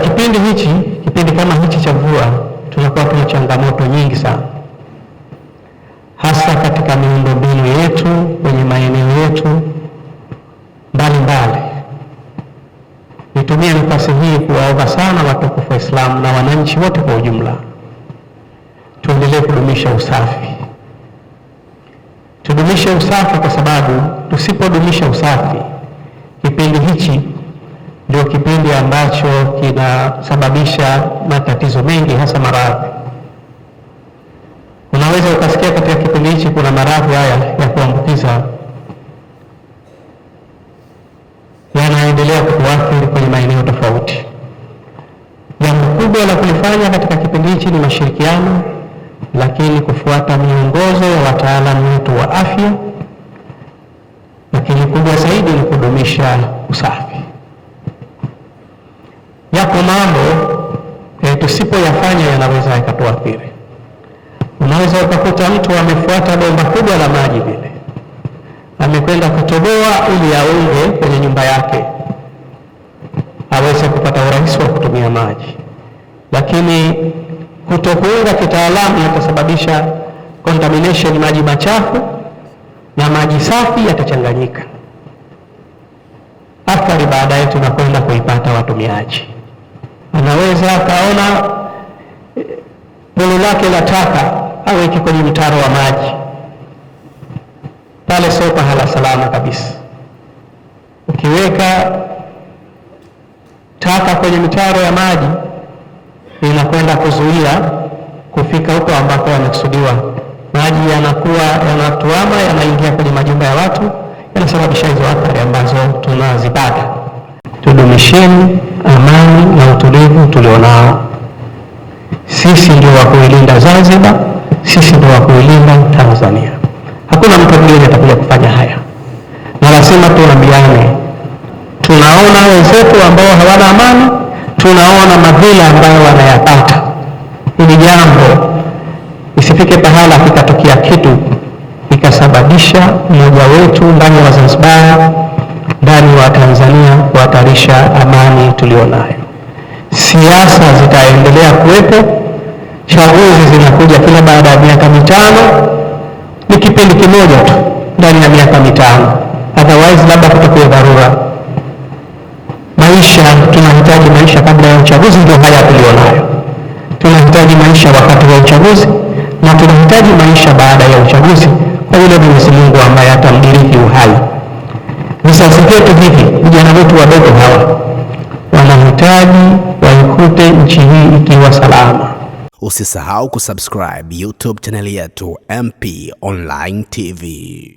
kipindi hichi, kipindi kama hichi cha mvua, tunakuwa tuna changamoto nyingi sana, hasa katika miundombinu yetu kwenye maeneo yetu mbalimbali. Nitumie nafasi hii kuwaomba sana watukufu wa Islamu na wananchi wote kwa ujumla, tuendelee kudumisha usafi, tudumishe usafi kwa sababu tusipodumisha usafi kipindi hichi ndio kipindi ambacho kinasababisha matatizo mengi, hasa maradhi. Unaweza ukasikia katika kipindi hichi kuna maradhi haya ya kuambukiza yanaendelea kutuathiri kwenye maeneo tofauti. Jambo kubwa la kulifanya katika kipindi hichi ni mashirikiano, lakini kufuata miongozo mambo eh, tusipoyafanya yanaweza yakatuathiri. Unaweza ukakuta mtu amefuata bomba kubwa la maji vile amekwenda kutoboa ili aunge kwenye nyumba yake aweze kupata urahisi wa kutumia maji, lakini kutokuunga kitaalamu yatasababisha contamination, maji machafu na maji safi yatachanganyika. Athari baadaye tunakwenda kuipata watumiaji anaweza akaona eh, pole lake la taka aweke kwenye mtaro wa maji pale, sio pahala salama kabisa. Ukiweka taka kwenye mitaro ya maji inakwenda kuzuia kufika huko ambako yamekusudiwa. Maji yanakuwa yanatuama, yanaingia kwenye majumba ya watu, yanasababisha hizo athari ambazo tunazipata. Tudumisheni amani na huu tulionao, sisi ndio wa kuilinda Zanzibar, sisi ndio wa kuilinda Tanzania. Hakuna mtu mwingine atakuja kufanya haya, na nasema tuambiane. Tunaona wenzetu ambao hawana amani, tunaona madhila ambayo wanayapata. Hili jambo isifike pahala kikatokea kitu ikasababisha mmoja wetu ndani ya Zanzibar, ndani wa Tanzania kuhatarisha amani tulionayo siasa zitaendelea kuwepo, chaguzi zinakuja kila baada ya miaka mitano, ni kipindi kimoja tu ndani ya miaka mitano, otherwise labda kutokuwa dharura. Maisha tunahitaji maisha kabla ya uchaguzi, ndio haya tulionayo. Tunahitaji maisha wakati wa uchaguzi na tunahitaji maisha baada ya uchaguzi kwa yule Mwenyezi Mungu ambaye atamdiriki uhai. Visasi vyetu hivi, vijana wetu wadogo hawa wanahitaji waikute nchi hii ikiwa salama. Usisahau kusubscribe YouTube chaneli yetu MP Online TV.